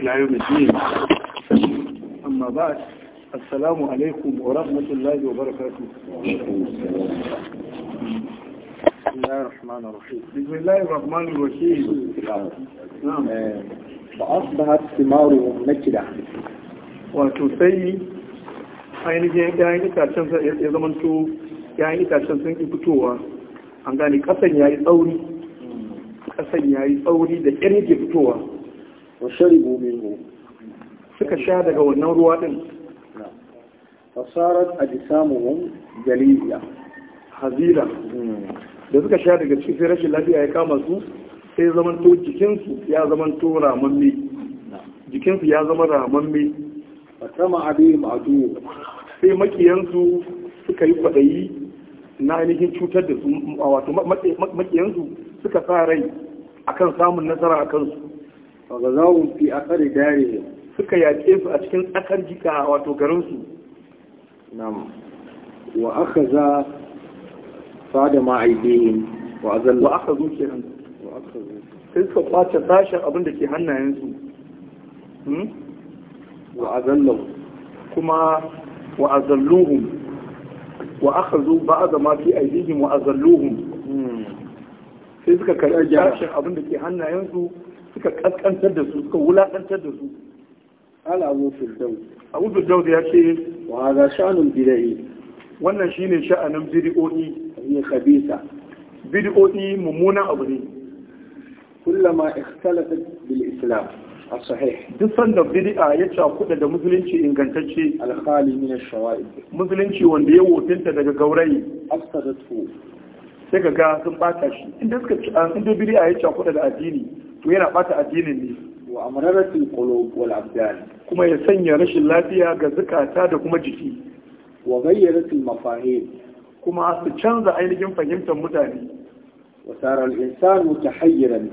إلى يوم الدين أما بعد السلام عليكم ورحمة الله وبركاته بسم الله الرحمن الرحيم بسم الله الرحمن الرحيم نعم. فأصبحت ثمار نكدة وتسيي ainihin yayin itacen ya zamanto yayin itacen sun ki fitowa an gane kasan yayi tsauri kasan yayi tsauri da ƙirge fitowa وشربوا منه فك suka sha daga wannan ruwa din fasarat ajsamuhum jaliya hazira da suka sha daga cikin rashin lafiya ya kama su sai zamanto jikinsu ya zamanto ramamme jikinsu ya zama ramamme a abin sai makiyansu suka yi kwaɗayi na ainihin cutar da su wato makiyansu suka sa rai akan samun nasara a kansu fagazawun fi fi kare dare suka yaƙe su a cikin tsakar jika wato garinsu. nam wa aka za fa ma ma'aibihin wa azalla wa ke nan wa zo sai suka kwace sashen abin da ke hannayensu. Hmm? wa azallahu kuma wa azalluhum wa aka zo ba a zama fi aidihim wa azalluhum hmm. sai suka karɓi sashen abin da ke hannayensu. suka kaskantar da su suka wulakantar da su ala abu firdaus abu firdaus ya ce wa ga sha'anin bid'a'i wannan shine sha'anin bid'o'i ya khabisa bid'o'i mummunan abu ne kullama ikhtalafat bil islam as-sahih duk sanda bid'a ya kuɗa da musulunci ingantacce al-khali min ash-shawa'ib musulunci wanda ya wofinta daga gaurayi afsadatu sai ga sun bata shi inda suka inda bid'a ya cakuɗa da addini to yana bata addinin ne wa amraratul qulub wal abdan kuma ya sanya rashin lafiya ga zukata da kuma jiki wa ghayyaratul mafahim kuma su canza ainihin fahimtar mutane wa sara al insan mutahayyiran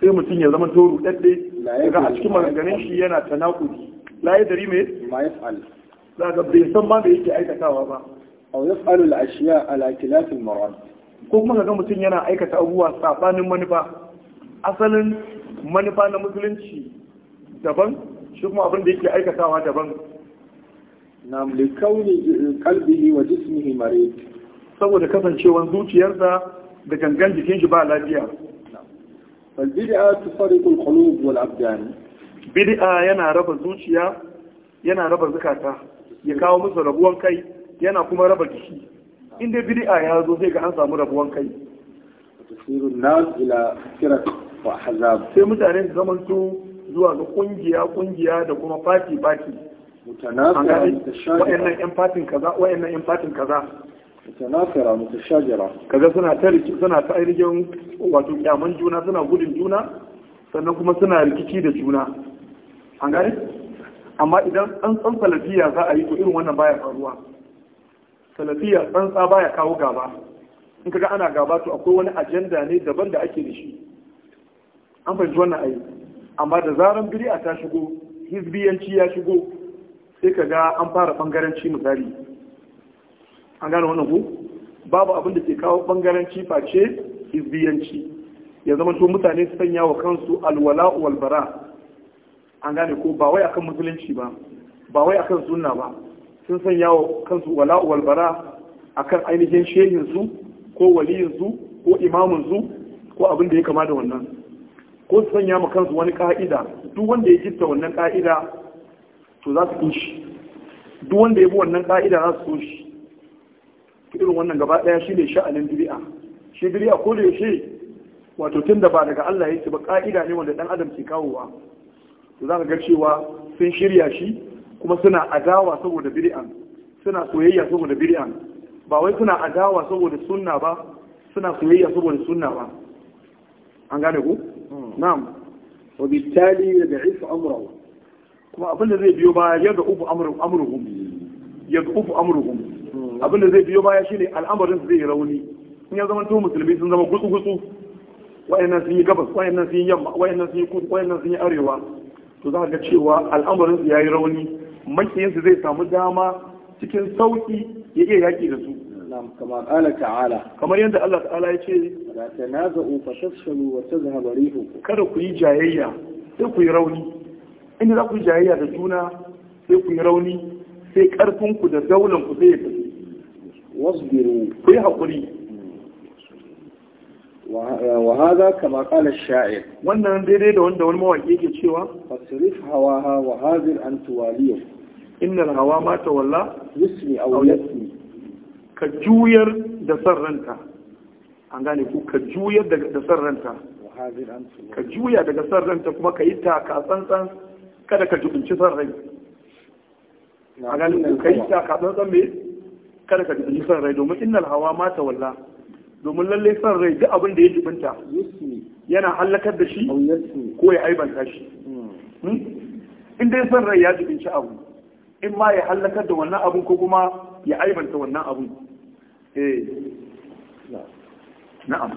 sai mutum ya zama toru dadde daga a cikin maganganun shi yana tanakudi la ya dari me ma yaf'al daga bai san ma da yake aikatawa ba aw yaf'alu al ashiya ala kilaf al marad ko kuma ga mutum yana aikata abubuwa sabanin manufa asalin manufa na musulunci daban shi kuma abin da yake aikatawa daban na li kauni qalbihi wa jismihi marid saboda kasancewar zuciyarsa da gangan jikin shi ba lafiya fal bid'a tufariqu al qulub wal abdan bid'a yana raba zuciya yana raba zakata ya kawo musu rabuwan kai yana kuma raba jiki in dai bid'a ya zo sai ga an samu rabuwan kai tasirun nas ila firaq wa ahzab sai mutane su su zuwa ga kungiya kungiya da kuma fati fati mutanafira mutashagira wayannan yan fatin kaza wayannan yan fatin kaza mutanafira suna ta suna ta wato kyaman juna suna gudun juna sannan kuma suna rikici da juna an gani amma idan an san salafiya za a yi to irin wannan baya faruwa salafiya tsantsa baya kawo gaba in kaga ana gaba to akwai wani ajanda ne daban da ake da shi an fahimci wannan ayi amma da zaran a ta shigo hizbiyanci ya shigo sai ka ga an fara bangaranci misali an gane wannan ku babu abin da ke kawo bangaranci face hizbiyanci ya zama to mutane su sanya wa kansu alwala walbara an gane ko ba wai akan musulunci ba ba wai akan sunna ba sun sanya wa kansu wala walbara akan ainihin shehinsu ko waliyinsu ko imamunsu ko abin da ya kama da wannan ko su sanya ma kansu wani ka'ida duk wanda ya jifta wannan ka'ida to za su kushi duk wanda ya bi wannan ka'ida za su kushi ta irin wannan gaba daya ne sha'anin bid'a shi bid'a ko da yaushe wato tun da ba daga Allah yake ba ka'ida ne wanda dan adam ke kawowa to za ka ga cewa sun shirya shi kuma suna adawa saboda bid'an suna soyayya saboda bid'an ba wai suna adawa saboda sunna ba suna soyayya saboda sunna ba an gane ku hmm. na'am wa bitali da da'if amrahu kuma abin da zai biyo baya yadda ga ufu amruhum ya ga ufu amruhum hmm. abin da zai biyo baya shine al'amarin zai rauni in ya zama to musulmi sun zama gutsu gutsu wayannan sun yi gabas wayannan sun yi yamma wayannan sun yi kudu wayannan sun yi arewa to za ga cewa al'amarin su yayi rauni makiyin su zai samu dama cikin sauki ya iya yaki da su نعم كما قال تعالى كما يند الله تعالى يتي لا تنازعوا فتفشلوا وتذهب ريحكم kada ku yi jayayya sai ku yi rauni inda za ku yi jayayya da juna sai ku yi rauni sai ƙarfinku da daulan ku sai ya tafi wasbiru ku yi hakuri wa za kama qala shair wannan daidai da wanda wani mawaƙi yake cewa hawa ha wa hazir an tuwaliyu inna hawa ma walla yusmi aw yasmi ka juyar da san ranka an gane ku ka juyar da san ranta ka juya daga san ranta kuma ka yi taka tsantsan kada ka jubinci san rai a gane ku ka yi taka tsantsan me kada ka jubinci san rai domin inna hawa mata walla domin lallai san rai duk abin da ya jubinta yana hallakar da shi ko ya aibanta shi hmm. Hmm? in dai san rai ya jubinci abu in ma ya hallakar da wannan abun ko kuma ya aibanta wannan abun إيه نعم, نعم.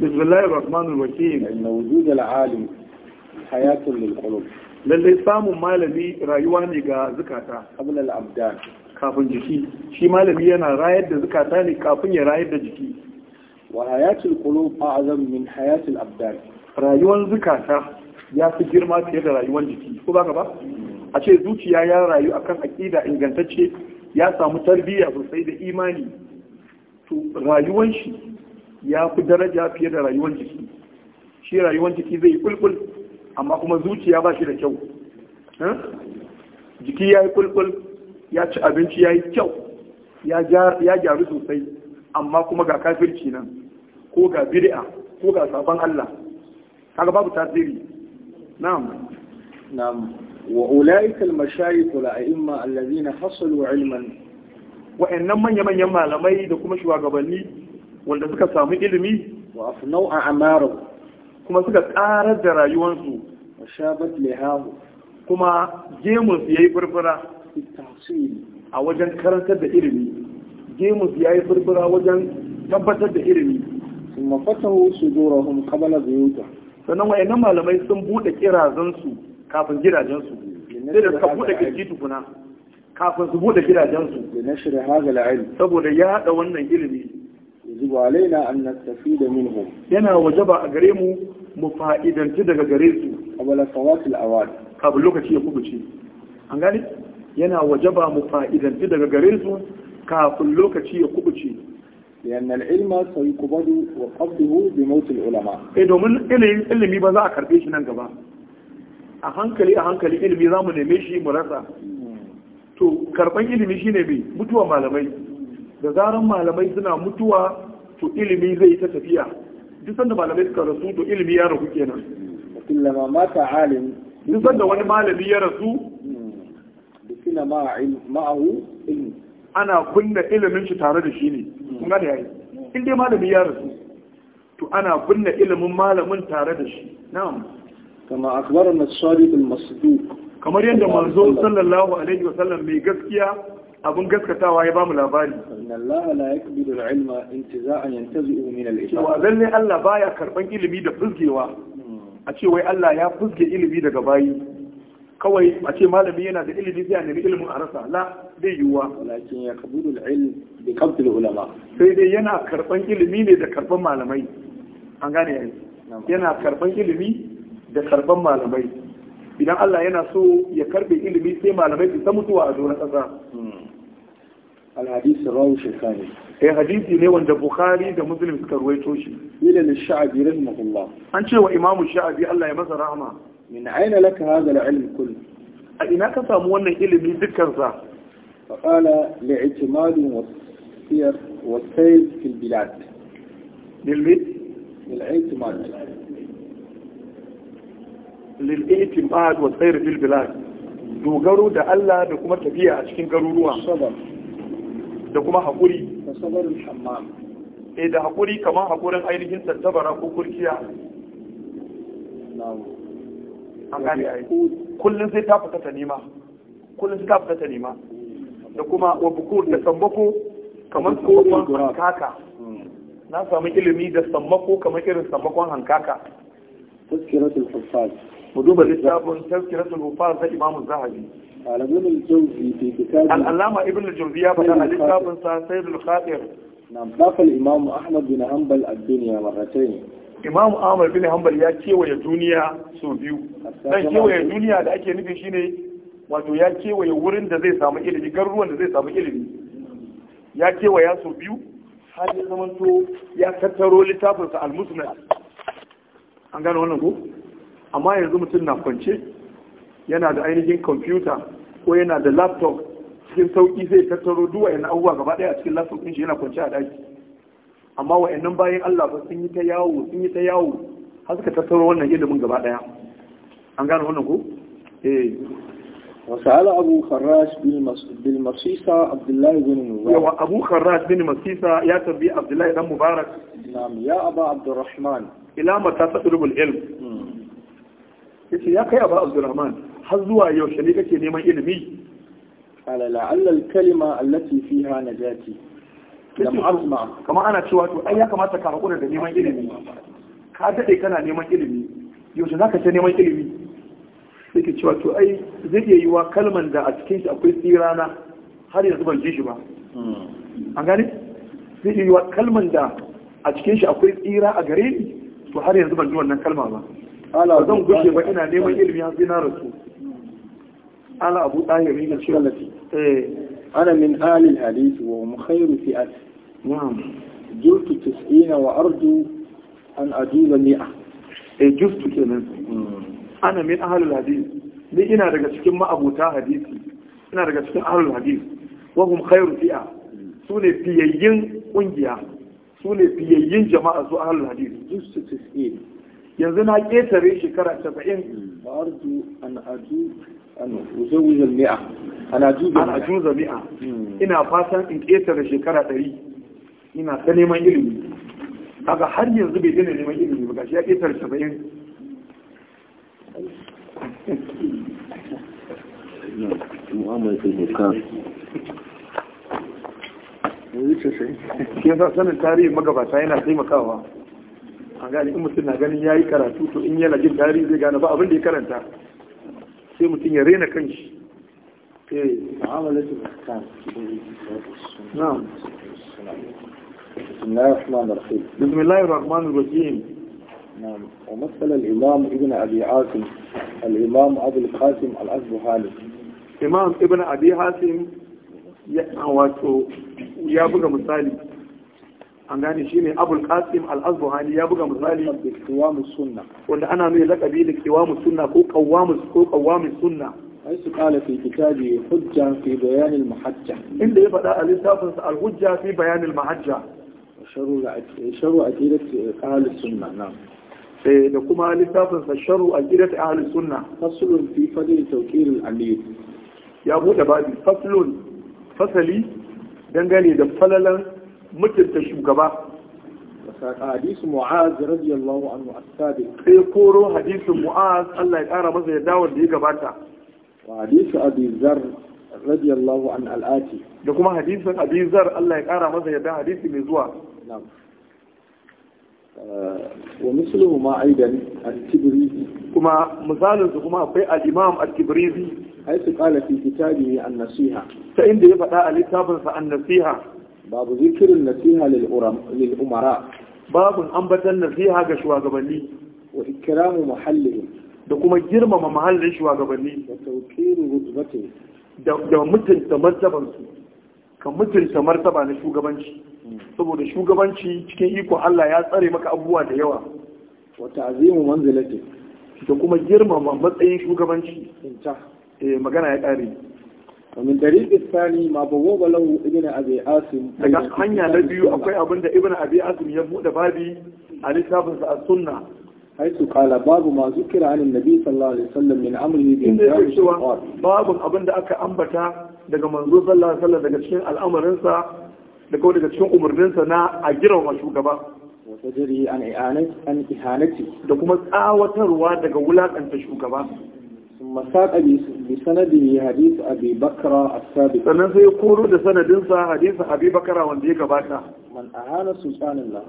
بسم الله الرحمن الرحيم إن وجود العالم حياة للقلوب lallai samun malami rayuwa ne ga zukata abulal abdan kafin jiki shi malami yana rayar da zukata ne kafin ya rayar da jiki wa hayatul qulub a'zam min hayatul abdan rayuwar zukata ya fi girma fiye da rayuwar jiki ko baka ba a ce zuciya ya rayu akan aqida ingantacce ya samu tarbiyya sosai da imani to rayuwar shi ya fi daraja fiye da rayuwar jiki shi rayuwar jiki zai kulkul amma kuma zuciya ba shi da kyau jiki ya yi kulkul ya ci abinci ya yi kyau ya gyaru sosai amma kuma ga kafirci nan ko ga bid'a ko ga sabon Allah kaga babu tasiri na'am na'am wa ulaika al-mashayikh al-a'imma alladhina hasalu 'ilman wa'annan manya manyan malamai da kuma shugabanni wanda suka samu ilimi wa a a'maru kuma suka ƙarar da rayuwarsu shabat lihamu kuma gemus yayi furfura a wajen karantar da ilimi gemus yayi furfura wajen tabbatar da ilimi kuma fatahu sudurahum qabla Sanan sannan wayannan malamai sun bude kirazan su kafin gidajen su sai da suka buɗe kirji tukuna kafin su bude gidajen su da saboda ya haɗa wannan ilimi yajibu alaina an nastafida minhum yana wajaba a gare mu mu fa'idanci daga gare su Abala fawat al-awad kafin lokaci ya kubuce an gane yana wajaba mu fa'idanci daga gare su kafin lokaci ya kubuce sai wa ulama. لأن العلم ilimi ba za a إيه shi nan gaba. A hankali-a hankali, ilimi za mu مي shi mu rasa. to karban ilimi shine bai mutuwa malamai da zaran malamai suna mutuwa to ilimi zai ta tafiya duk sanda malamai suka rasu to ilimi ya ragu kenan kullama mata alim sanda wani malami ya rasu ma'ahu ilmi ana kunna ilimin shi tare da shi ne kun gane yayi in dai malami ya rasu to ana kunna ilimin malamin tare da shi na'am kama as-sadiq al-masduq kamar yadda manzo sallallahu alaihi wa sallam mai gaskiya abun gaskatawa ya bamu labari inna Allah la yakbidu al-ilma intiza'an yantazi'u min al wa Allah baya karban ilimi da fuzgewa a ce wai Allah ya fuske ilimi daga bayi kawai a ce malami yana da ilimi sai a nemi ilimin a rasa la zai yiwuwa lakin ya kabulul ilm bi qabdil ulama sai dai yana karban ilimi ne da karban malamai an gane yayi yana karban ilimi da karban malamai idan Allah yana so ya karbe ilimi sai malamai su ta mutuwa a na kasa hmm. الحديث الراوي الشيخاني ايه حديثي ne wanda Bukhari da Muslim suka ruwaito shi ila al-Sha'bi rahimahullah an ce wa Imam Sha'bi Allah ya masa rahama min aina laka hadha al-ilm kull a ina ka samu wannan ilimi dukkan sa fa qala li'timad wa siyar wa sayl fi bilad lil-bid lil-i'timad lil-i'timad wa sayr fi bilad dogaro da Allah da kuma tafiya a cikin garuruwa sabab da kuma haƙuri eh, da haƙuri kamar haƙurin ainihin tattabara ko kurkiya an a kullum sai ta fita ta nema kullum sai ta fita ta nema da kuma wa bukur da sambako kamar sambakon hankaka hmm. na sami ilimi da sambako kamar irin sambakon hankaka mu duba littafin al'allama ibn al ya faɗa a littafin sa sayyidul khatir nam dafa imam ahmad bin hanbal ad-dunya marratayn imam ahmad bin hanbal ya kewaye duniya so biyu dan kewaye duniya da ake nufi shine wato ya kewaye wurin da zai samu ilimi garuruwan da zai samu ilimi ya kewaya so biyu har ya zamanto ya tattaro littafinsa al-musnad an gano wannan ko amma yanzu mutum na kwance yana da ainihin kwamfuta ko yana da laptop cikin sauƙi zai tattaro duwa yana abubuwa gaba ɗaya a cikin laptop ɗin shi yana kwance a daji. amma wa'annan bayan Allah ba sun yi ta yawo sun yi ta yawo har suka tattaro wannan ilimin gaba ɗaya an gane wannan ko eh وسأل أبو خراج بالمصيصة عبد الله بن مبارك أبو خراج بن مصيصة يا تبي عبد الله بن مبارك نعم يا أبا عبد الرحمن إلى متى تطلب العلم يا أخي أبا عبد الرحمن har zuwa yaushe ne kake neman ilimi ala la'allal kalima allati fiha najati lam asma Kama ana cewa to ai ya kamata ka hakura da neman ilimi ka dade kana neman ilimi yaushe zaka ce neman ilimi sai ke cewa to ai zai iya yiwa kalman da a cikin shi akwai tsirana har yanzu ban ji shi ba hmm. an gane zai iya yiwa kalman da a cikin shi akwai tsira a gare ni to har yanzu ban ji wannan kalma ba zan gushe ba ina neman ilimi har sai na rasu قال أبو طاهر بن الشلتي أنا من آل الحديث وهم خير فئة نعم جلت تسعين وأرجو أن أجيب مئة جلت كمان أنا من أهل الحديث ni ina daga cikin ma'abuta hadisi ina daga cikin ahlul hadis wahum khairu fi'a su ne fiyayyin kungiya su ne fiyayyin jama'a su ahlul hadis yanzu na ketare shekara 70 ba ardu an aju ana juza mi'a ina fatan in ƙetare shekara ɗari ina ta neman ilimi kaga har yanzu bai dina neman ilimi ba gashi ya ƙetare saba'in sa sanin tarihin magabata yana taimakawa a gani in mutum na ganin ya yi karatu to in yana jin tarihi zai gane ba abin da ya karanta sai mutum ya rena kanshi بسم الله الرحمن الرحيم بسم الله الرحمن الرحيم نعم ومثل الإمام ابن أبي عاصم الإمام أبو القاسم الأصبهاني إمام ابن أبي عاصم مثالي an gane shi ne abul qasim al-azbuhani ya buga misali da qiwamus sunna wanda ana mai lakabi da qiwamus sunna ko qawamus ko qawamus sunna حيث قال في كتابه حجة في بيان المحجة إن دي بدأ الإنساف الحجة في بيان المحجة شر أكيدة أهل السنة نعم لكما الإنساف الشر أكيدة أهل السنة فصل في فضل توكيل الأمير يا أبو دبادي فصل فصلي دنجالي دفللا mutunta shugaba hadisu mu'az radiyallahu anhu as-sabi sai koro hadisu mu'az Allah ya kara masa ya dawo da ya gabata wa hadisu abi zar radiyallahu an al'ati da kuma hadisin abi zar Allah ya kara masa yadda hadisi mai zuwa na'am wa misluhu ma aidan at-tibrizi kuma misalin su kuma akwai al-imam at-tibrizi haythu qala fi kitabihi an-nasiha ta inda ya faɗa a littafin sa an-nasiha babu zikirin nasiha lil umara an ambatan nasiha ga shugabanni wa ikramu muhallin da kuma girmama muhallin shugabanni da tawkiru rutbati da mutunta martaban su ka mutunta martaba na shugabanci saboda shugabanci cikin iko Allah ya tsare maka abubuwa da yawa wa ta'zimu manzilati da kuma girmama matsayin shugabanci eh, magana ya kare ومن طريق الثاني ما بوب له ابن ابي عاصم daga hanya na biyu akwai abinda ibn abi asim ya bude babi a littafin sa sunna haitu kala babu ma zukira an annabi sallallahu alaihi wasallam min amrihi bi babu abinda aka ambata daga manzo sallallahu alaihi wasallam daga cikin al'amarin sa daga daga cikin umurnin sa na a girma shugaba wa tajri an ihanati da kuma tsawatarwa daga wulakanta shugaba ثم ساق بسند حديث أبي بكر السابق sannan sai ya koro da sanadinsa hadisin Abi Bakara wanda ya gabata man ahana sultanillah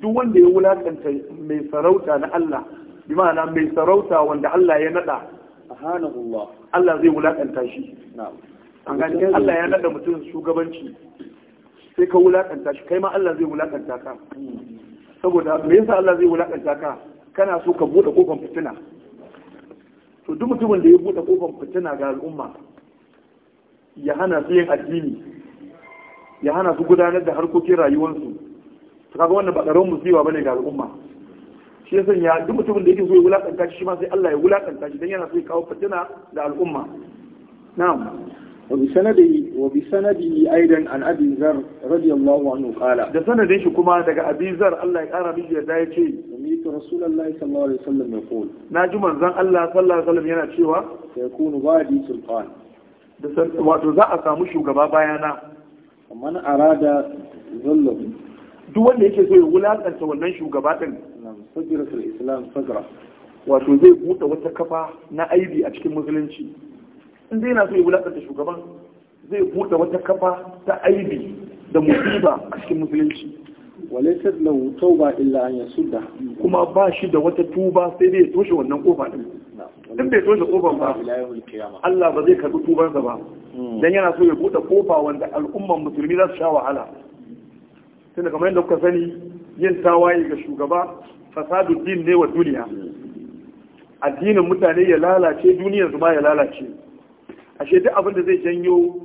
duk wanda ya wulakanta mai sarauta na Allah bi ma'ana mai sarauta wanda Allah ya nada ahanahu Allah Allah zai wulakanta shi na'am an gani Allah ya nada mutum shugabanci sai ka wulakanta shi kai ma Allah zai wulakanta ka saboda me yasa Allah zai wulakanta ka kana so ka bude kofar fitina to duk mutumin da ya buɗe kofar fitina ga al'umma ya hana su yin addini ya hana su gudanar da harkokin rayuwarsu su kaga wannan ba ƙaramin musiba bane ga al'umma shi yasan ya duk mutumin da yake so ya wulakanta shi ma sai Allah ya wulakanta shi dan yana so ya kawo fitina ga al'umma na'am وبسنده وبسنده ايضا عن ابي ذر رضي الله عنه قال ده shi kuma daga abi zar Allah ya kara miji da ya ce umitu rasulullahi sallallahu alaihi wasallam ya qul na ji manzon Allah sallallahu alaihi yana cewa yakunu ba'di sultan da wato za a samu shugaba bayana man arada zallahu duk wanda yake so ya wulakanta wannan shugaba din fajr islam fajra wato zai buɗe wata kafa na aibi a cikin musulunci inda a yana so ya wulakanta shugaban zai buɗe wata kafa ta aibi da musiba a cikin musulunci na ba illa an da kuma ba shi da wata tuba sai dai toshe wannan kofa din in bai toshe kofar ba Allah ba zai karɓi tubansa ba hmm. dan yana so ya buɗe kofa wanda al'umman musulmi za su sha wahala tunda kamar yadda kuka sani yin tawaye ga shugaba fasadu din ne wa duniya hmm. addinin mutane ya lalace duniyar su ma ya lalace ashe duk abin da zai janyo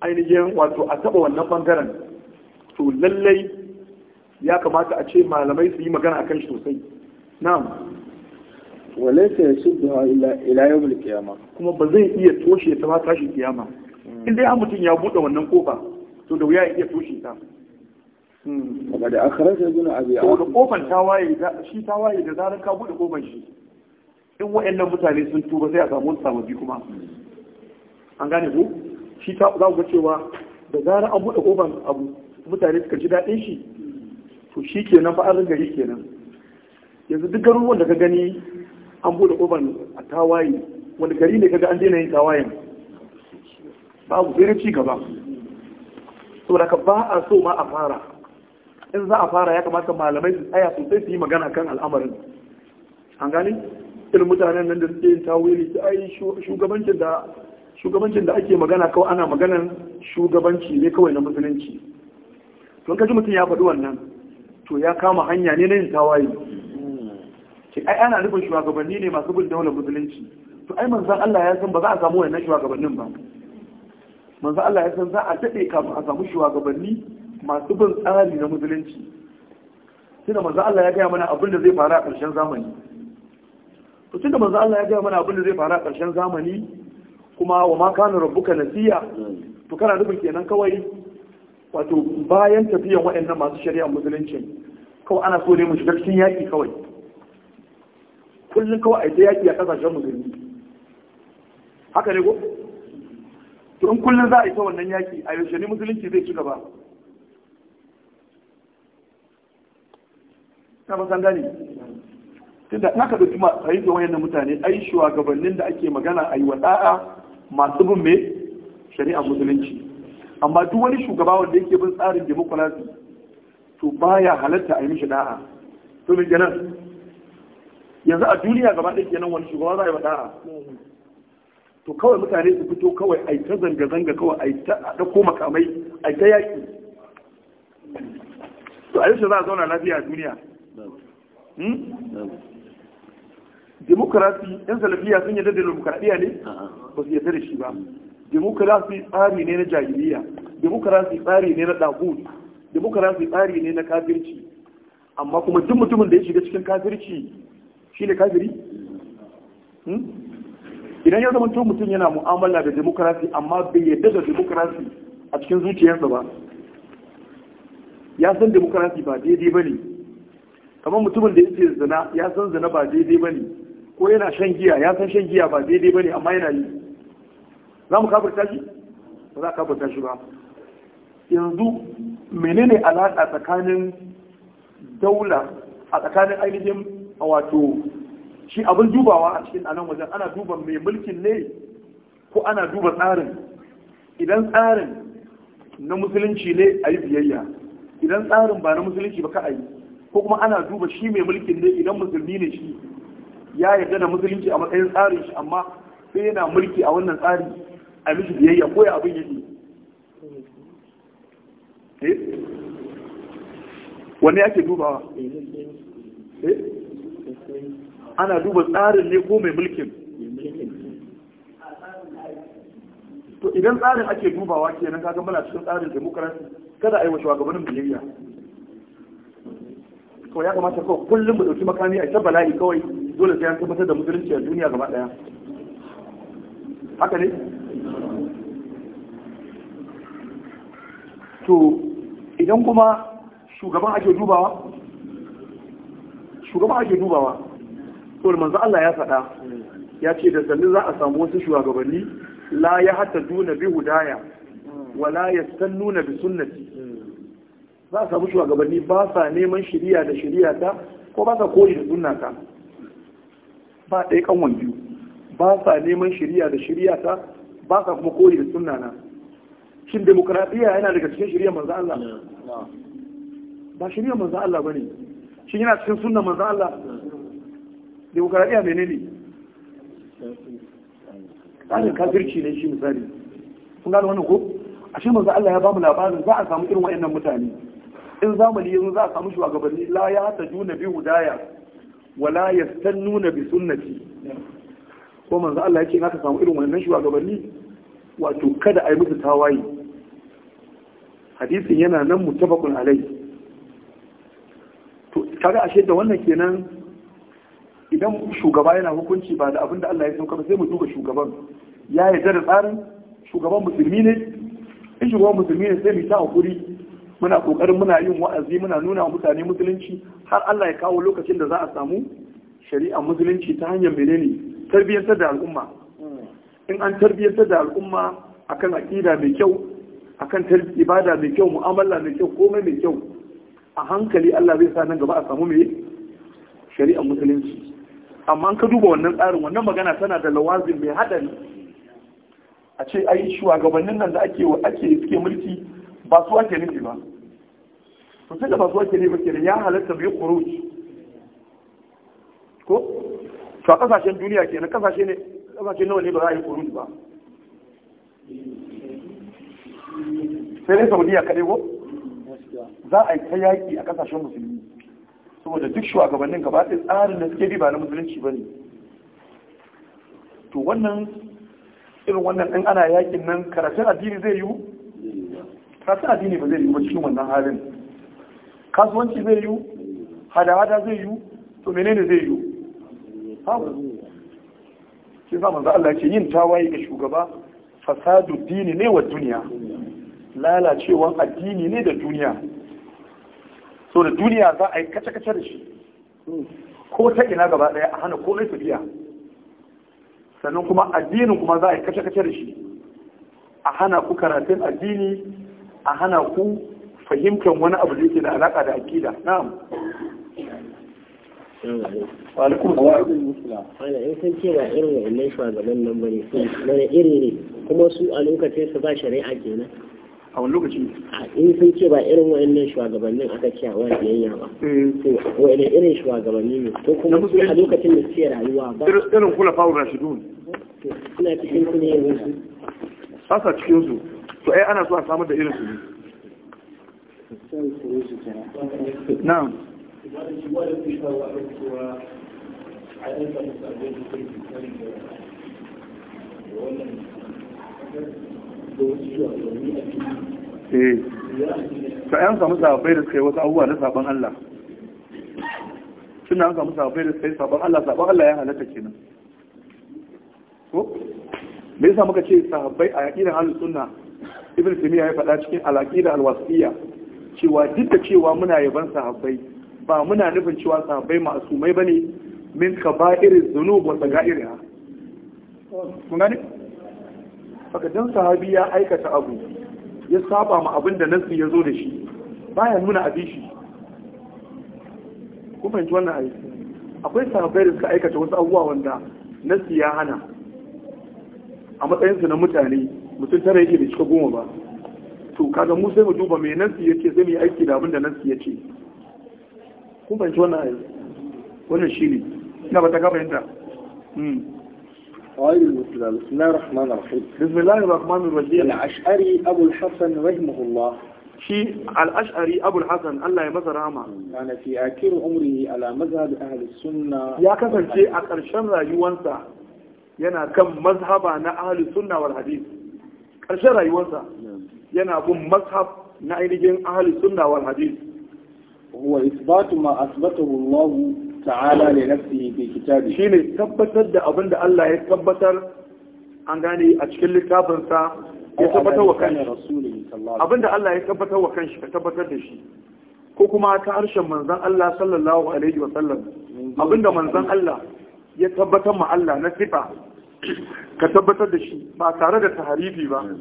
ainihin wato a taɓa wannan ɓangaren to lallai ya kamata a ce malamai su yi magana akan shi sosai na'am walaita ya su da ila yau kiyama kuma ba zai iya toshe ta ba tashi kiyama hmm. in dai an mutum ya buɗe wannan kofa to da wuya ya iya toshe ta hmm. daga da akharar sai gina abu ya da kofan tawaye shi waye da zarar ka buɗe kofan shi in wayannan mutane sun tuba sai a samu sababbi kuma hmm. an gane ku shi ta za ku ga cewa da zarar an buɗe ƙofar abu mutane suka ji daɗin shi to shi kenan nan fa'ar gari kenan yanzu duk garin da ka gani an buɗe ƙofar a tawaye wanda gari ne kaga an daina yin tawayen babu sai ci gaba saboda ka ba a so ma a fara in za a fara ya kamata malamai su tsaya sosai su yi magana kan al'amarin an gane irin mutanen nan da suke yin tawili su ai shugabancin da shugabancin da ake magana kawai ana maganan shugabanci ne kawai na musulunci don kaji mutum ya faɗi wannan to ya kama hanya ne na yin tawaye ce ai ana nufin shugabanni ne masu bin daular musulunci to ai manzan Allah ya san ba za a samu wannan shugabannin ba manzan Allah ya san za a dade kafin a samu shugabanni masu bin tsari na musulunci tunda manzan Allah ya gaya mana abin da zai faru a ƙarshen zamani to tunda manzan Allah ya gaya mana abin da zai faru a ƙarshen zamani kuma wa ma kana rabbuka nasiya to kana nufin kenan kawai wato bayan tafiyan waɗannan masu shari'a musulunci kawai ana so ne mu shiga cikin yaƙi kawai kullum kawai a yi yaƙi a ƙasashen musulmi haka ne ko to in kullum za a yi ta wannan yaƙi a yaushe ne musulunci zai ci gaba na ba san gani tunda da kuma sayi da wayannan mutane ai shugabannin da ake magana ayi wada'a wa masu bin mai shari'a musulunci amma duk wani shugaba wanda yake bin tsarin demokulasi to baya halatta a yi mishi da'a to mai kenan yanzu a duniya gaba ɗaya kenan wani shugaba za a yi wa da'a to kawai mutane su fito kawai a yi ta zanga-zanga kawai a yi ta ɗauko makamai a yi ta yaƙi to a yi shi za a zauna lafiya a duniya hmm? demokrasi yan salafiya sun yadda da demokradiya ne ba su yadda da shi ba demokrasi tsari ne na jahiliya demokrasi tsari ne na dagut demokrasi tsari ne na kafirci amma kuma duk mutumin da ya shiga cikin kafirci shi ne kafiri hmm? idan ya zama mutum yana mu'amala da demokrasi amma bai yadda da demokrasi a cikin zuciyarsa ba ya san demokrasi ba daidai ba ne kamar mutumin da ya ce zana, ya san zana ba daidai ba ne ko yana shan giya ya san shan giya ba daidai ba ne amma yana yi za mu kafirta shi ba za a kafirta shi ba yanzu menene alaƙa tsakanin daula a tsakanin ainihin wato shi abin dubawa a cikin anan wajen ana duba mai mulkin ne ko ana duba tsarin idan tsarin na musulunci ne a yi biyayya idan tsarin ba na musulunci ba ka a yi ko kuma ana duba shi mai mulkin ne idan musulmi ne shi ya yarda da musulunci a matsayin tsarin shi amma sai yana mulki a wannan tsari a mishi biyayya ko ya abin yake eh? wanne ake dubawa eh? ana duba tsarin ne ko mai mulkin to idan tsarin ake dubawa kenan kaga muna cikin tsarin demokrasi kada a yi wa shugabannin biyayya to ya kamata kawai kullum mu dauki makami a ta bala'i kawai dole sai an tabbatar da musulunci a duniya gaba daya haka ne to idan kuma shugaban ake dubawa shugaban ake dubawa to manzo Allah ya faɗa ya ce da sannu za a samu wasu shugabanni la ya hatta duna bi hudaya wala yastannuna bi sunnati za a samu shugabanni ba sa neman shirya da shirya ta ko ba sa koyi da sunna ta ba ɗaya kanwan biyu ba sa neman shirya da shirya ta ba sa kuma koyi da sunna na shin demokradiyya yana daga cikin shirya manzo Allah ba shirya manzo Allah bane shin yana cikin sunna manzo Allah demokradiyya menene tsarin kafirci ne shi misali kun gano wannan ko ashe manzo Allah ya ba mu labarin za a samu irin waɗannan mutane in zamani yanzu za a samu shugabanni la ya ta juna bi hudaya wala nuna bi sunnati ko manzo Allah yake naka samu irin wannan shugabanni wato kada a yi musu tawayi hadisin yana nan muttafaqun alai to kaga ashe da wannan kenan idan shugaba yana hukunci ba da abin da Allah ya sauka ba sai mu duba shugaban ya yarda da tsarin shugaban musulmi ne in shugaban musulmi ne sai mu ta hakuri muna kokarin muna yin wa'azi muna nuna wa mutane musulunci har Allah ya kawo lokacin da za a samu shari'a musulunci ta hanyar menene tarbiyyantar da al'umma in an tarbiyyantar da al'umma akan aqida mai kyau akan ibada mai kyau mu'amala mai kyau komai mai kyau a hankali Allah zai sa nan gaba a samu mai shari'a musulunci amma ka duba wannan tsarin wannan magana tana da lawazin mai haɗari a ce ai shugabannin nan da ake ake suke mulki ba su ake nufi ba su tun da ba su ake nufi kenan ya halatta bai kuruj ko to a kasashen duniya kenan kasashe ne kasashe nawa ne ba za a yi kuruj ba sai dai saudiya kaɗai ko za a yi ta yaƙi a kasashen musulmi saboda duk shugabannin gaba ɗaya tsarin da suke bi ba na musulunci ba ne to wannan irin wannan ɗin ana yaƙin nan karatun addini zai yiwu kasan addini ba zai yi ba cikin wannan halin kasuwanci zai yi hada-hada zai yi to menene zai yi shi mu za Allah ce yin tawaye ga shugaba fasadu dini ne wa duniya lalacewan addini ne da duniya so da duniya za a yi kace-kace da shi ko ta ina gaba daya a hana komai tafiya sannan kuma addinin kuma za a yi kace-kace da shi a hana ku karatun addini a hana ku fahimtar wani abu da yake da da akida na'am alaikum ba irin wa'annan iri kuma su a lokacin su ba shari'a kenan a wani lokaci A sun ce ba irin wa'annan shugabannin aka ba irin kula rashidun suna cikin su ne yanzu cikin su to ai ana so a samar da irin su na'am eh ka yan samu zafai da suka yi wasu abubuwa na sabon Allah suna samu zafai da suka yi sabon Allah sabon Allah ya halatta nan ko me yasa muka ce sahabbai a yaƙinan ahlus na ibn timiya ya faɗa cikin alaqida alwasiya cewa duk da cewa muna yaban sahabbai ba muna nufin cewa sahabbai mai bane min irin dhunub wa sagairiha mun gane haka dan sahabi ya aikata abu ya saba ma abin da nasu ya zo da shi baya nuna abin shi ku fahimci wannan ayi akwai sahabbai da suka aikata wasu abubuwa wanda nasu ya hana a matsayinsu na mutane mutum tara yake da cika goma ba to kaga mu sai mu duba me nan ya ce zai yi aiki da abin da nan ya ce kun fahimci wannan ayi wannan shi ina ba ta ka fahimta قائل المسلم بسم الله الرحمن الرحيم بسم الله الرحمن الرحيم الأشعري أبو الحسن رحمه الله shi al'ashari abul hasan Allah ya masa rama kana fi akir umri ala mazhab ahli sunna ya kasance a ƙarshen rayuwarsa yana kan mazhaba na ahli sunna wal hadith ƙarshen rayuwarsa yana bin mazhab na ainihin ahli sunna wal hadith wa isbatu ma asbatahu Allah ta'ala li nafsihi bi kitabi shine tabbatar da abin da Allah ya tabbatar an gane a cikin littafin sa ya tabbatar wa kanshi abin Allah ya tabbatar wa kanshi ka tabbatar da shi ko kuma ta harshen manzon Allah sallallahu alaihi wa sallam abinda manzon Allah ya tabbatar ma Allah na sifa ka tabbatar da shi ba tare da taharifi ba hmm.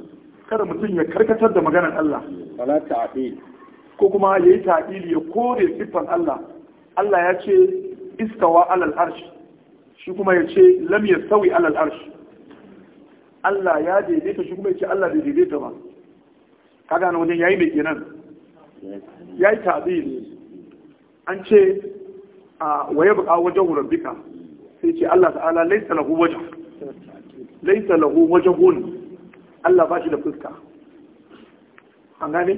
kada mutum ya karkatar da maganar Allah wala ko kuma yayi ta'dili ya kore siffan Allah Allah ya ce istawa alal arsh shi kuma ya ce lam yastawi alal arsh Allah ya daidaita shi kuma ya ce Allah bai daidaita ba kaga gane wajen yayi mai kenan yayi ta'dil an ce a ah, waye buƙa wajen rabbika sai ce Allah ta'ala laysa lahu wajh laisa lahu wajhun Allah ba shi da fuska an gane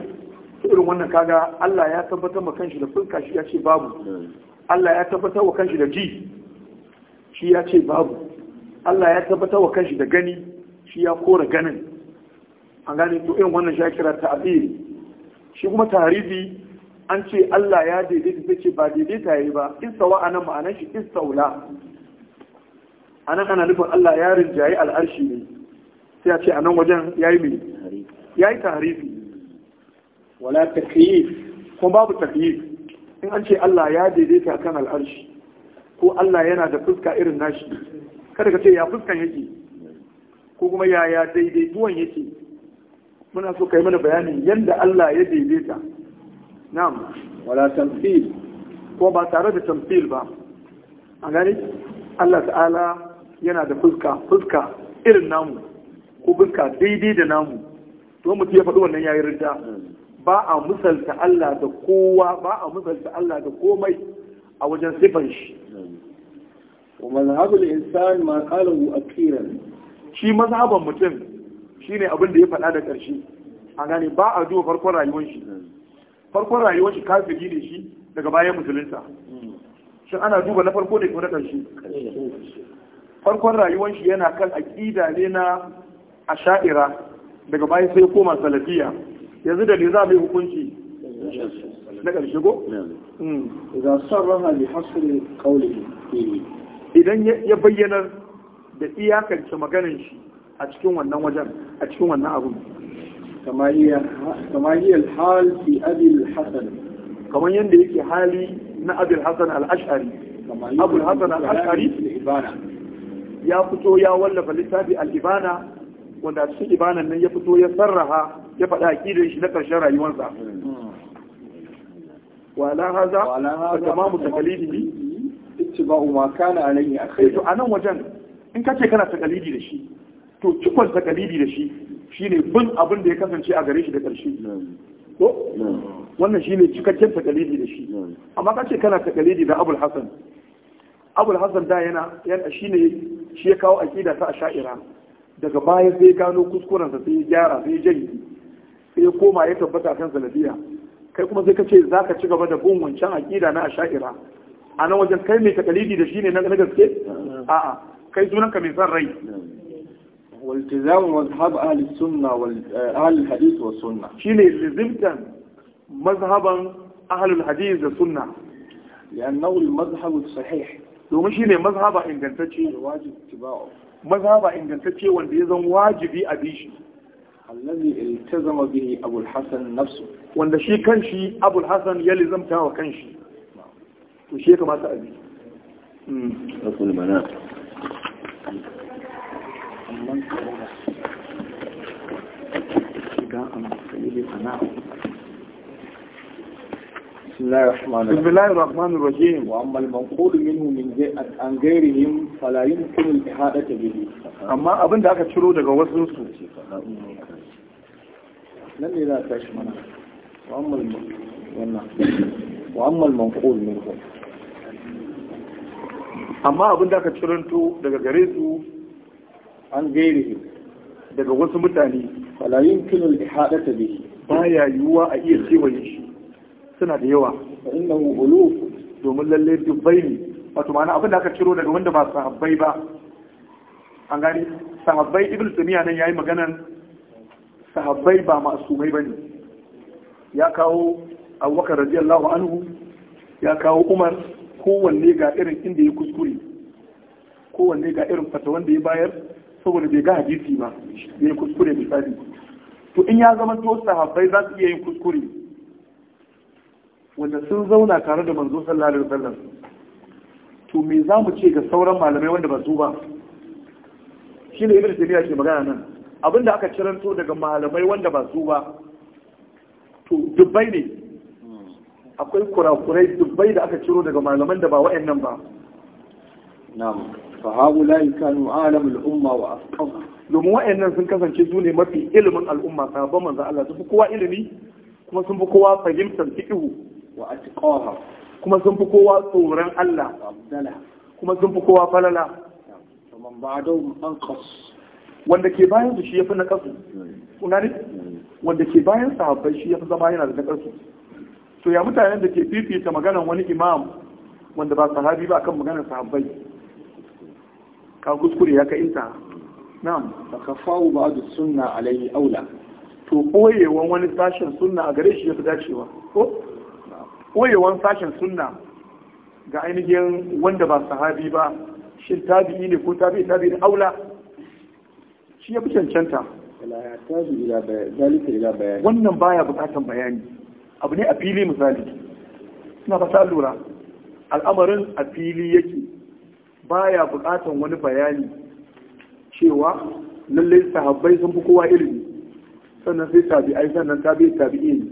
to irin wannan kaga Allah ya tabbatar ma kanshi da fuska shi ya ce babu Allah ya tabbatar wa kanshi da ji shi ya ce babu Allah ya tabbatar wa kanshi da gani shi ya kora ganin an gane to irin wannan shi ya kira ta'bir shi kuma tarihi an ce Allah ya daidaita ce ba daidaita yayi ba In sawa anan ma'anar shi saula a nan ana nufin Allah ya rinjaye al'arshi ne sai a ce a nan wajen ya yi mai ya yi tarifi wala takyif kuma babu takyif in an ce Allah ya daidaita kan al'arshi ko Allah yana da fuska irin nashi kada ka ce ya fuskan yake ko kuma yaya daidaituwan yake muna so kai mana bayanin yadda Allah ya daidaita na'am wala tamfil ko ba tare da tamfil ba a gani Allah ta'ala yana da fuska fuska irin namu ko fuska daidai da namu to mu ya faɗi wannan yayin ridda ba a misalta Allah da kowa ba a musalta Allah da komai a wajen sifan shi wa mazhabul insan ma qalahu akhiran shi mazhaban mutum shine abin da ya faɗa da ƙarshe a gane ba a duba farkon rayuwar shi farkon rayuwar shi kafiri ne shi daga bayan musulunta shin ana duba na farko da kuma na ƙarshe farkon rayuwar shi yana kan aƙida ne na asha'ira daga bayan sai koma salafiya yanzu da ne za mai hukunci na ƙarshe go. Hmm. idan son bi hasri kauli idan ya bayyanar da iyakance maganin shi a cikin wannan wajen a cikin wannan abu kamar hal fi abil hasan kamar yadda yake hali na abil hasan al-ash'ari abul hasan al-ash'ari ya fito ya wallafa littafi al-ibana wanda a cikin nan ya fito ya sarraha ya faɗa aqidar shi na ƙarshen rayuwarsa wala haza wa tamamu taqalidihi ittiba'u ma kana alayhi akhir eh, to anan wajen in kace kana taqalidi da shi to cikon taqalidi da shi shine bin abin da ya kasance a gare shi da ƙarshe to hmm. hmm. wannan shine cikakken taqalidi da shi hmm. amma kace kana taqalidi da Abul Hasan Abul Hasan da yana yana shine shi ya kawo aƙida ta sha'ira. daga baya sai gano kuskurensa sai ya gyara sai ya janye sai ya koma ya tabbata kan sanadiyya kai kuma sai ka ce za ka ci gaba da bin wancan aƙida na sha'ira. a nan wajen kai mai takalidi da shi ne na gaske a'a kai sunan ka mai son rai والتزام مذهب أهل السنة وأهل الحديث والسنة شيني لزمتا مذهبا أهل الحديث والسنة لأنه المذهب الصحيح domin shi ne mazhaba ingantacce mazhaba ingantacce wanda ya zan wajibi a bi shi allazi iltazama bihi abul hasan nafsu wanda shi kanshi abul hasan ya lizamta wa kanshi to shi kamata a bi hmm. rakul mana amman shiga amma sai ana بسم الله الرحمن الرحيم بسم الله الرحمن الرحيم واما المنقول منه من عن abin da aka ciro daga wasu su nan ne za ta shi mana واما wannan واما المنقول منه amma abin da aka ciranto daga gare su an gairi daga wasu mutane fala yumkinu al-ihadata bihi baya yiwuwa a iya kewaye shi suna da yawa innahu hulu domin lalle dubbai ne wato ma'ana abin da aka ciro daga wanda ba sahabbai ba an gani sahabbai ibn tumiya nan yayi maganan sahabbai ba masumai ne. ya kawo abubakar radiyallahu anhu ya kawo umar kowanne ga irin inda ya kuskure kowanne ga irin fata wanda ya bayar saboda bai ga hadisi ba ya kuskure misali to in ya zama to sahabbai za su iya yin kuskure wanda sun zauna tare da manzo sallallahu alaihi wasallam to me za mu ce ga sauran malamai wanda ba su ba shi ne ibn tabiya ke magana nan abinda aka ciranto daga malamai wanda ba su ba to dubbai ne akwai kurakurai dubbai da aka ciro daga malaman da ba wa'annan ba na'am fa haula kanu al umma wa asqam domin wa'annan sun kasance su ne mafi ilimin al'umma sabon manzo Allah su fi kowa ilimi kuma sun fi kowa fahimtar fiqhu wa atqaha kuma sun fi kowa tsoron Allah abdala kuma sun fi kowa falala man ba'dahum anqas wanda ke bayan su shi yafi na kasu hmm. kuna ne hmm. wanda ke bayan sahabbai shi yafi zama yana da na kasu to ya mutanen da ke fifita maganar wani imam wanda ba sahabi ba kan maganar sahabbai ka kuskure ya ka inta na'am fa kafawu da sunna alayhi aula to koyewan wani sashen sunna a gare shi yafi dacewa ko koyewan sashen sunna ga ainihin wanda ba sahabi ba shi tabi'i ne ko tabi'i tabi'i da aula shi ya fi cancanta wannan baya bukatan bayani abu ne a fili misali suna fasa lura al'amarin a fili yake baya bukatan wani bayani cewa lallai sahabbai sun fi kowa ilimi sannan sai tabi'ai sannan tabi'i tabi'i ne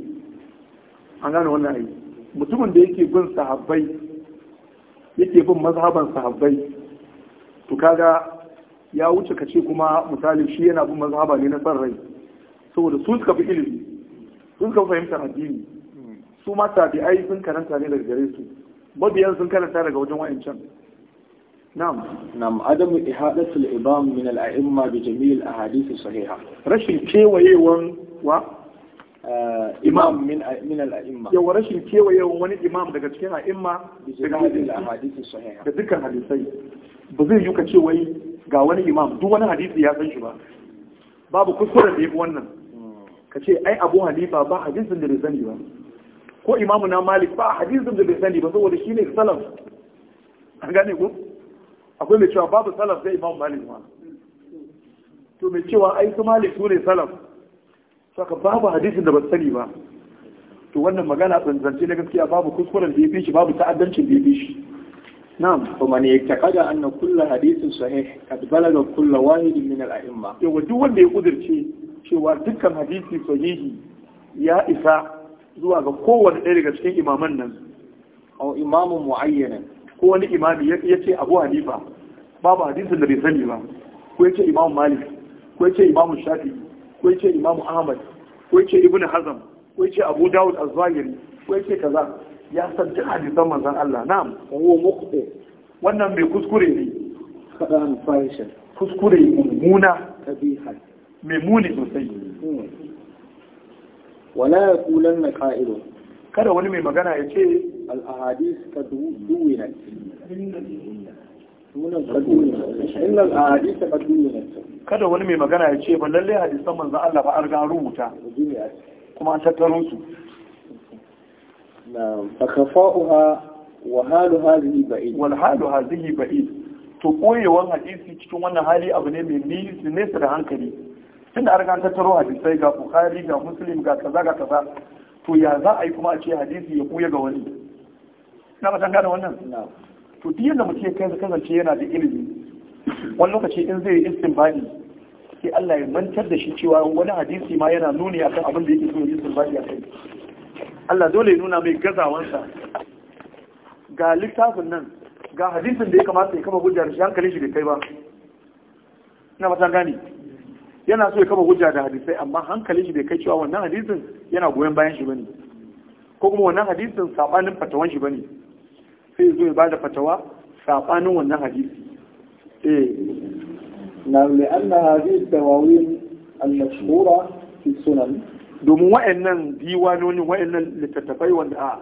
an gane wannan aiki mutumin da yake bin sahabbai yake bin mazhaban sahabbai to kaga ya wuce ka ce kuma misali shi yana bin mazhaba ne na san rai saboda su suka fi ilimi sun suka fahimtar addini su ma tabi'ai sun karanta ne daga gare su mabiyan sun karanta daga wajen wa'ancan نعم نعم عدم إحادة الإمام من الأئمة بجميع الأحاديث الصحيحة رشي كي ويوان و Eh, imam min min al-a'imma yawa rashin kewayewan wani imam daga cikin a'imma da dukkan hadisai ba zai yi ka ce wai ga wani imam duk wani hadisi ya san shi ba babu kuskuren da yafi wannan hmm. ka ce ai abu hanifa ba hadisin da bai sani ba ko imamu na malik ba hadisin da bai sani ba saboda shi ne salaf an gane ku akwai mai cewa babu salaf sai imamu malik ma to mai cewa ai su malik su ne salaf saka babu hadisin da ba sani ba to wannan magana tsantsance na gaskiya babu kuskuren da ya fi shi babu ta'addancin da ya fi shi na'am to ta yaqada anna kulla hadisin sahih kad balaga kulla wahid min al-a'imma yawa duk wanda ya kudirce cewa dukkan hadisi sahihi ya isa zuwa ga kowane ɗaya daga cikin imaman nan aw imamun muayyana ko wani imami ya ce Abu Hanifa babu hadisin da bai sani ba ko ya ce Malik ko ya ce Shafi'i ko yace Imam Ahmad ko yace Ibn Hazm ko yace Abu Dawud Az-Zahiri ko yace kaza ya san duk hadisan manzon Allah na'am wa muqti wannan bai kuskure ne kadan faisha kuskure muna tabiha mai muni sosai wala yaqulan qa'ilu kada wani mai magana ya ce al-ahadith kaduwinat innal ahadith kaduwinat kada wani mai magana ya ce ba lallai hadisan manzan Allah ba an rubuta kuma an tattaro su Na fakafa'uha wa halu hadhihi ba'id wal halu hadhihi ba'id to koyewan hadisi cikin wannan hali abu ne mai nisa da hankali tunda an an tattaro hadisai ga bukhari ga muslim ga kaza ga kaza to ya za a yi kuma a ce hadisi ya koya ga wani na ba gane wannan to duk yadda mutum ya kasance yana da ilimi wani lokaci in zai yi istinbadi sai Allah ya mantar da shi cewa wani hadisi ma yana nuni akan abin da yake so ya istinbadi a kai Allah dole ya nuna mai gazawansa ga littafin nan ga hadisin da ya kamata ya kama hujja da shi hankalin shi bai kai ba ina mata gani yana so ya kama hujja da hadisai amma hankali shi bai kai cewa wannan hadisin yana goyon bayan shi bane ko kuma wannan hadisin sabanin fatawan shi bane sai zo ya bada fatawa sabanin wannan hadisi إيه نعم لأن هذه الدواوين المشهورة في السنن domin wa'annan diwanoni wa'annan littattafai wanda a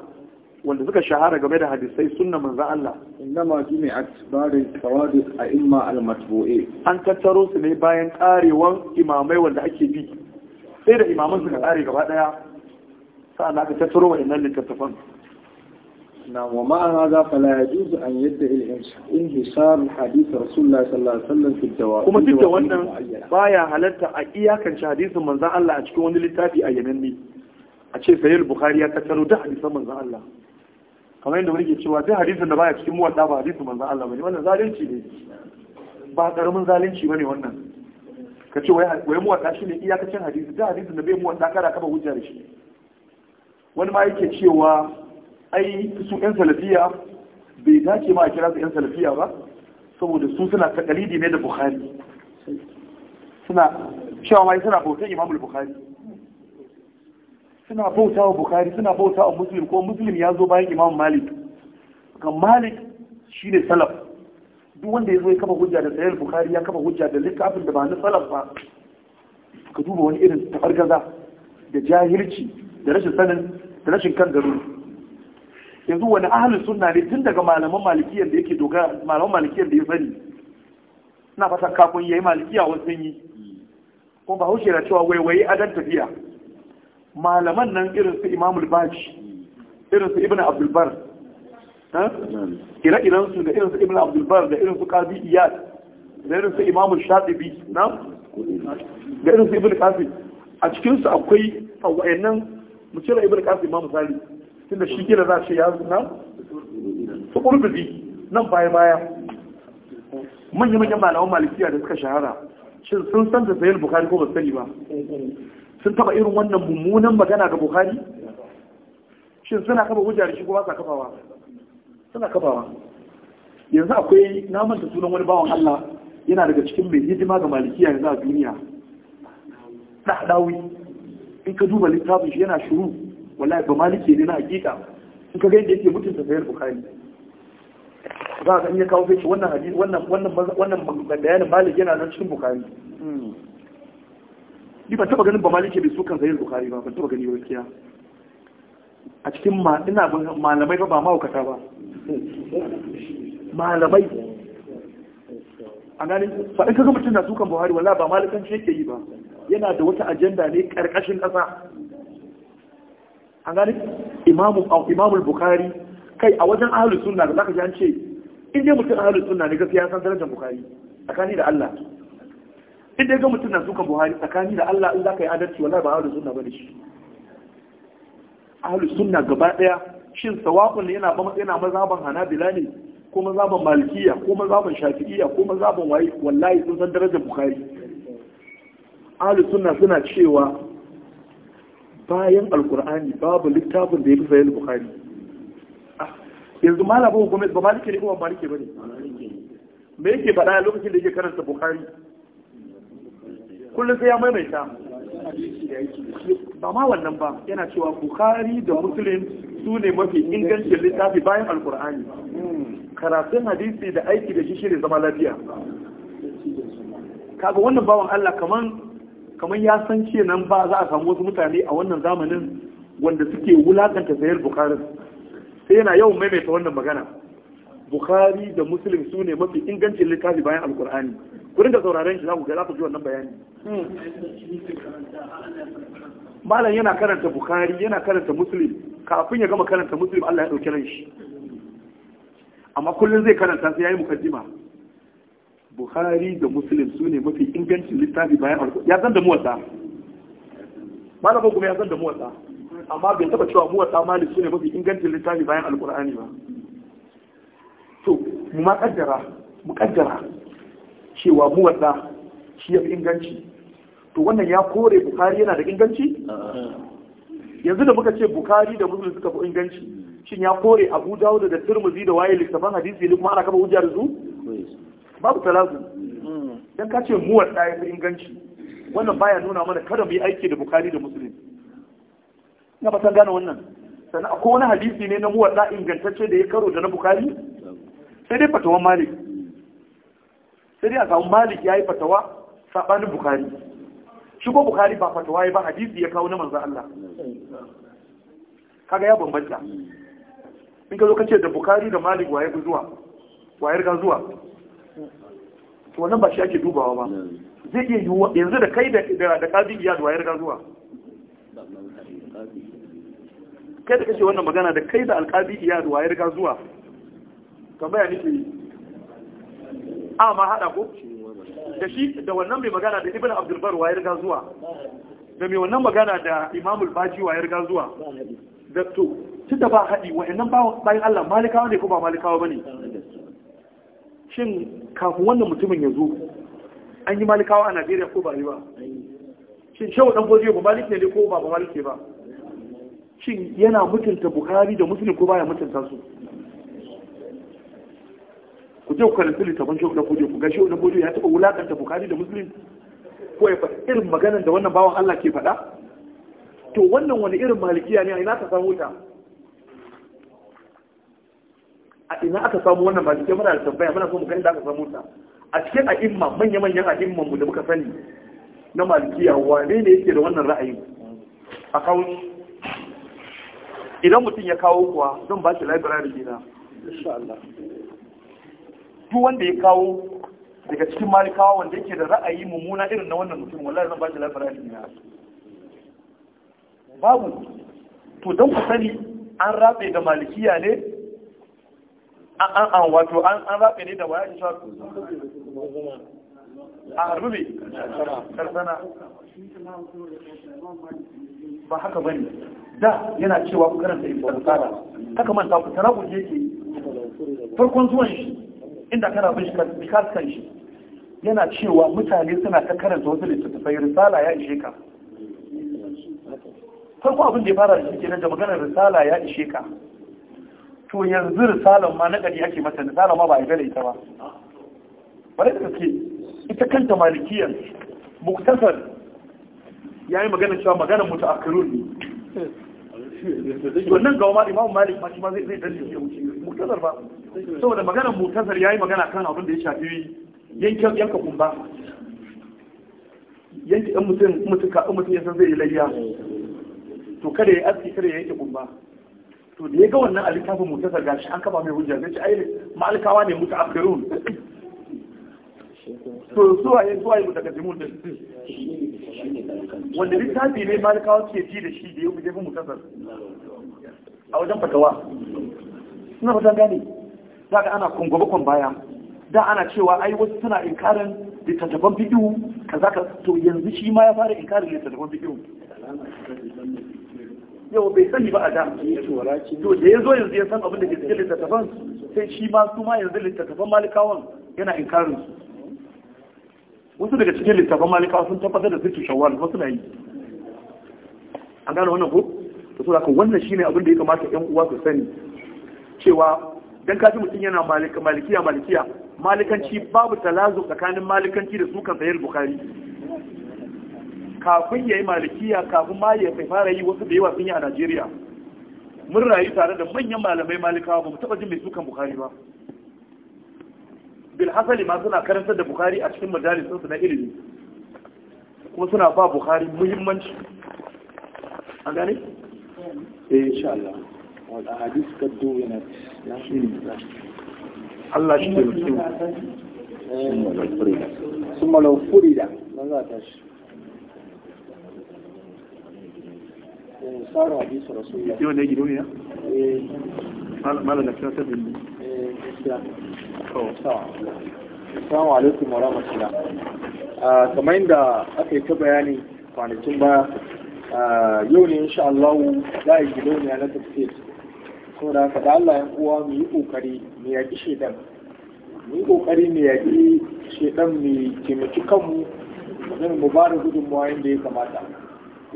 wanda suka shahara game da hadisai suna manzo Allah innama jumi'at ba'da tawadis a imma al-matbu'i an tattaro su ne bayan karewan imamai wanda ake bi sai da imaman suka kare gaba daya sa'an aka tattaro wa'annan littattafan na wa ma'a haza fala ya juzu an yadda in hisar hadisi rasulullah sallallahu alaihi wasallam fi dawa kuma duk da wannan baya halarta a iyakance hadisin manzon Allah a cikin wani littafi a yananne a ce sahih bukhari ya tattaro da hadisan manzon Allah kamar yadda wani ke cewa sai hadisin da baya cikin muwadda ba hadisin manzon Allah bane wannan zalunci ne ba karamin zalunci bane wannan ka ce wai muwadda ne iyakacin hadisi Da hadisin da bai muwadda kada ka ba hujja da shi wani ma yake cewa ai su yan salafiya bai dace ma a kira su yan salafiya ba saboda su suna takalidi ne da bukhari suna cewa mai suna bautan imamul bukhari suna bauta wa bukhari suna bauta wa muslim ko muslim ya zo bayan imam malik ga malik shi ne salaf duk wanda ya zo ya kafa hujja da sayar bukhari ya kafa hujja da littafin da ba na salaf ba ka duba wani irin tafargaza da jahilci da rashin sanin da rashin kan garuru yanzu wani ahalin sunna ne tun daga malaman malikiyar da yake dogara malaman malikiyar da ya sani na fata kafin yayi malikiya wasu yi kuma ba hushe da cewa waiwaye adan tafiya malaman nan irin su imamul baji irin su ibn abdulbar ire-iren su da irin su ibn abdulbar da irin su kazi iyad da irin su imamul shaɗibi na da irin su ibn kasim a cikinsu akwai a wayannan mu cire ibn kasim ma misali tunda shi kila za ce ya zuna? su nan baya baya manya manyan malawan malikiya da suka shahara shin sun san da sayin bukari ko ba ba sun taba irin wannan mummunan magana ga bukari shin suna kafa wujar shi ko ba sa kafawa suna kafawa yanzu akwai naman da sunan wani bawan Allah yana daga cikin mai hidima ga malikiya yanzu a duniya ɗaɗawi in ka duba littafin shi yana shiru. wallahi ba maliki ne na hakika in ka ga da yake mutunta sayar bukari za ka iya kawo fice wannan hadisi wannan wannan wannan bayanin malik yana nan cikin bukari ni ban taba ganin ba maliki bai sukan sayar bukari ba ban taba gani gaskiya a cikin ma ina malamai ba ba mahaukata ba malamai a ganin faɗin kaga mutum na sukan buhari wallahi ba malikanci yake yi ba yana da wata ajanda ne ƙarƙashin ƙasa an gane imamul bukari kai a wajen ahalus suna da zaka ji an ce in dai mutum ahalus suna ne gaskiya san darajar bukari tsakani da Allah in dai ga mutum na suka buhari tsakani da Allah in ka yi adalci wallahi ba ahalus suna bane shi ahalus suna gaba daya shin sawaqul yana ba yana mazhaban hanabila ne ko mazhaban malikiya ko mazhaban shafi'iyya ko mazhaban waye wallahi sun san darajar bukari ahalus suna suna cewa bayan alkur'ani babu littafin da ya fi sayar bukari yanzu malamin Gomes ba malike ne kuma malike ba ne me yake faɗa lokacin da yake karanta bukari kullum sai ya maimaita ba ma wannan ba yana cewa bukari da musulun su ne mafi ingancin littafi bayan alkur'ani karatun hadisi da aiki da shi shi zama lafiya kaga wannan bawan allah kaman kamar ya san nan ba za a samu wasu mutane a wannan zamanin wanda suke wulakanta sayar bukarin sai yana yawan maimaita wannan magana bukari da musulun su ne mafi ingancin littafi bayan alkur'ani ku da sauraren shi za ku ga za ku ji wannan bayani malam yana karanta bukari yana karanta musulun kafin ya gama karanta musulun Allah ya dauki ran shi amma kullum zai karanta sai yayi mukaddima buhari da musulun su ne mafi ingancin littafi bayan alkur'ani ya san da muwatsa malamin kuma ya san da muwasa amma bai taba cewa muwasa malik su ne mafi ingancin littafi bayan alkur'ani ba to mu ma kaddara mu kaddara cewa muwasa shi ya fi inganci to wannan ya kore bukari yana da inganci yanzu da muka ce bukari da musulun suka fi inganci shin ya kore abu dawud da tirmidhi da waye littafan hadisi ne kuma ana kafa hujjar da su babu talazu dan ka ce muwar da ya fi inganci wannan baya nuna mana kada mu yi aiki da bukari da muslim ina ba san gane wannan sannan akwai wani hadisi ne na muwar da ingantacce da ya karo da na bukari sai dai fatawan malik sai dai a samu malik ya yi fatawa saɓanin bukari shi ko bukari ba fatawa ya ba hadisi ya kawo na manzan Allah kaga ya bambanta in ka zo ka ce da bukari da malik waye zuwa wayar ga zuwa to wannan ba shi ake dubawa ba hmm. zai iya yiwuwa yanzu da kai da kazi iya da wayar gazuwa kai da kashe wannan magana da kai da alkazi iya da wayar gazuwa tambaya nake yi a ma hada ko da shi da wannan mai magana da ibn abdulbar wayar gazuwa da mai wannan magana da imamul baji wayar gazuwa da to tun da ba haɗi wa'annan bayan allah malikawa ne ko ba malikawa ba ne shin kafin wannan mutumin ya zo an yi malikawa a najeriya ko ba yi ba shin shawo dan goje ba malik ne ko ba ba malik ne ba shin yana mutunta bukhari da musulun ko baya mutunta su ku je ku karanta littafin shawo dan goje ku ga shawo dan goje ya taɓa wulakanta bukhari da musulun? ko ya faɗi irin maganar da wannan bawan Allah ke faɗa to wannan wani irin malikiya ne a ina ta samu ta a ina aka samu wannan malike mana da tambaya muna so mu kai da aka samu ta a cikin a'imma manya-manyan a'imman mu da muka sani na malikiya wane ne yake da wannan ra'ayi. a kawo idan mutum ya kawo kuwa zan ba shi library gina insha Allah duk wanda ya kawo daga cikin malikawa wanda yake da ra'ayi mummuna irin na wannan mutum wallahi zan ba shi library gina babu to don ku sani an rabe da malikiya ne an wato an an rafe ne da waya in shafi a harbe karsana ba haka bane da yana cewa ku karanta ibn sala haka manta ku tana guje ke. farkon zuwan shi inda kana bin shi kan shi yana cewa mutane suna ta karanta wasu littattafai risala ya ishe ka farko abin da ya fara da shi kenan da maganar risala ya ishe ka to yanzu risalar ma ɗari ake mata risalar ma ba a gare ita ba ba da suke ita kanta malikiyar muktasar ya yi magana cewa magana mutu a kirun ne wannan gawa ma imamu malik ma shi ma zai dalilin ya wuce muktasar ba saboda magana muktasar ya yi magana kan abin da ya shafi yanka kumba yanki ɗan mutum mutum ka mutum ya san zai yi layya to kada ya yi aski kada ya yanke kumba to da ya ga wannan a littafin mutasar gashi an kafa mai hujja zai ce ai ma'alkawa ne mutu afirun to zuwa ya zuwa ya mutakasimun din wanda littafi ne malikawa suke ji da shi da ya fi mutasar a wajen fatawa suna fatan gane za ka ana kwan baya da ana cewa ai wasu suna inkarin littattafan bidiyo ka za ka to yanzu shi ma ya fara inkarin littattafan bidiyo yau bai sani ba a da to da ya zo yanzu ya san abin da ke cikin littattafan sai shi ma su ma yanzu littattafan malikawan yana inkarin su wasu daga cikin littattafan malikawa sun tabbatar da sirki shawwal wasu na yi an gane wannan ko to saboda wannan shine abin da ya kamata ƴan uwa su sani cewa dan kaji mutum yana malikiya malikiya malikanci babu talazu tsakanin malikanci da su kan sahih bukhari kafin ya yi malikiya kafin ma ya fara yi wasu da yawa sun yi a najeriya mun rayu tare da manyan malamai malikawa ba mu taɓa jin mai sukan Bukhari ba hasali ma suna karantar da Bukhari a cikin majalisunsu na ilimi kuma suna ba Bukhari muhimmanci a gane? eh insha Allah wadda hadis ka duwe na Allah shi ke mutum sun malau furida na za ta shi صار حديث رسول الله يتيوه نيجي دوية ما لنا كنا تبين السلام alaikum wa rahmatullah ah, kamar yadda aka yi ta bayani kwanakin ba ah, yau ne insha Allah za a yi gidauniya na tafsir saboda haka da Allah ya uwa mu yi kokari mu yaƙi shedan mu yi kokari mu yaƙi shedan mu taimaki kanmu mu bada gudunmawa yadda ya kamata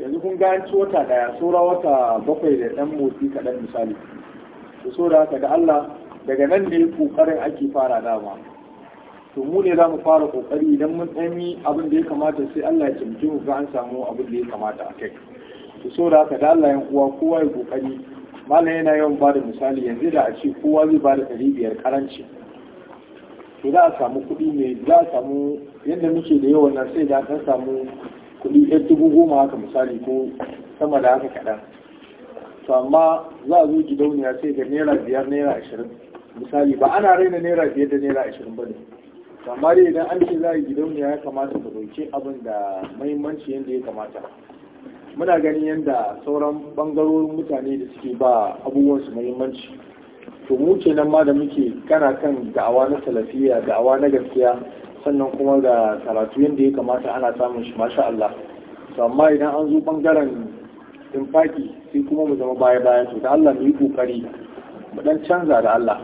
yanzu kun ga wata daya saura wata bakwai da dan motsi kaɗan misali su so da haka da Allah daga nan ne kokarin ake fara dama to mu ne za mu fara kokari idan mun tsami abin da ya kamata sai Allah ya cimci mu ga an samu abin da ya kamata a kai su so da haka da Allah yan uwa kowa ya kokari malam yana yawan ba da misali yanzu da a ce kowa zai ba da ɗari biyar karanci to za a samu kuɗi ne za a samu yadda muke da yawan nan sai da an samu kuɗi ɗan dubu goma haka misali ko sama da haka kaɗan to amma za a zo gidauniya sai ga naira biyar naira ashirin misali ba ana raina naira biyar da naira ashirin ba ne amma dai idan an ce za a yi gidauniya ya kamata ka ɗauki abin da mahimmanci yadda ya kamata muna ganin yadda sauran ɓangarorin mutane da suke ba abubuwan su mahimmanci to mu kenan ma da muke kana kan da'awa na salafiya da'awa na gaskiya sannan kuma ga karatu yadda ya kamata ana samun shi masha Allah to amma idan an zo bangaren infaki sai kuma mu zama baya baya to da Allah mu yi kokari mu dan canza da Allah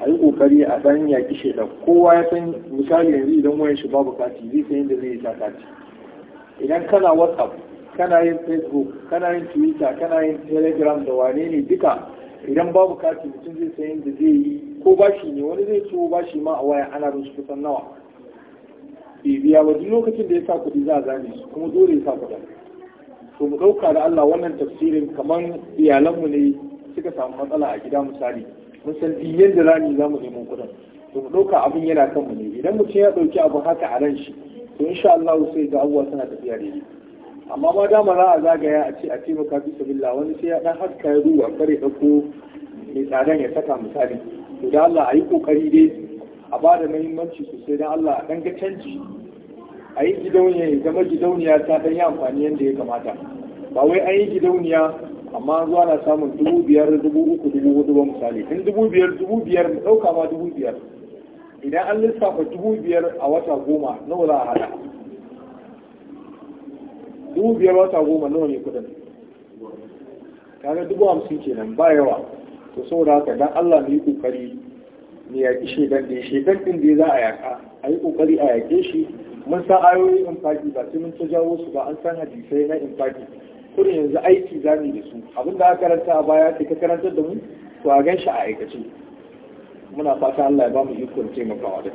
a yi kokari a dan yaki da kowa ya san misali yanzu idan wayan shi babu kati zai san yadda zai yi kati idan kana whatsapp kana yin facebook kana yin twitter kana yin telegram da wane ne duka idan babu kati mutum zai san yadda zai yi ko bashi ne wani zai ciwo bashi ma a waya ana rusu kusan nawa bai biya ba duk lokacin da ya sa kuɗi za a zane shi kuma dole ya sa kuɗin to mu ɗauka da Allah wannan tafsirin kamar iyalanmu ne suka samu matsala a gida misali mun san duk da rani za mu neman kuɗin to mu ɗauka abin yana kan mu ne idan mutum ya ɗauki abu haka a ran shi to insha Allah sai ga abuwa suna tafiya daidai amma ma dama za a zagaya a ce a taimaka fi sabilla wani sai ya ɗan haska ya duba kare ɗauko mai tsadan ya saka misali to da Allah a yi ƙoƙari dai a ba da muhimmanci sosai don Allah a ɗan canji a yi gidauniya ya zama gidauniya ta ɗan yi amfani yadda ya kamata ba wai an yi gidauniya amma zuwa na samun dubu biyar dubu uku dubu hudu ba misali in dubu biyar dubu biyar mu ɗauka ma dubu biyar idan an lissafa dubu biyar a wata goma nawa za a hada dubu biyar wata goma nawa ne kudin kaga dubu hamsin kenan ba yawa to saboda haka dan Allah mu yi kokari mai yaƙi shedan shi shedan da za a yaƙa a yi ƙoƙari a yake shi mun san ayoyin infaki ba sai mun ta jawo su ba an san hadisai na infaki kuma yanzu aiki za mu da su abin da aka karanta a baya sai ka karantar da mu to a gan shi a aikace muna fata Allah ya ba mu ikon taimakawa da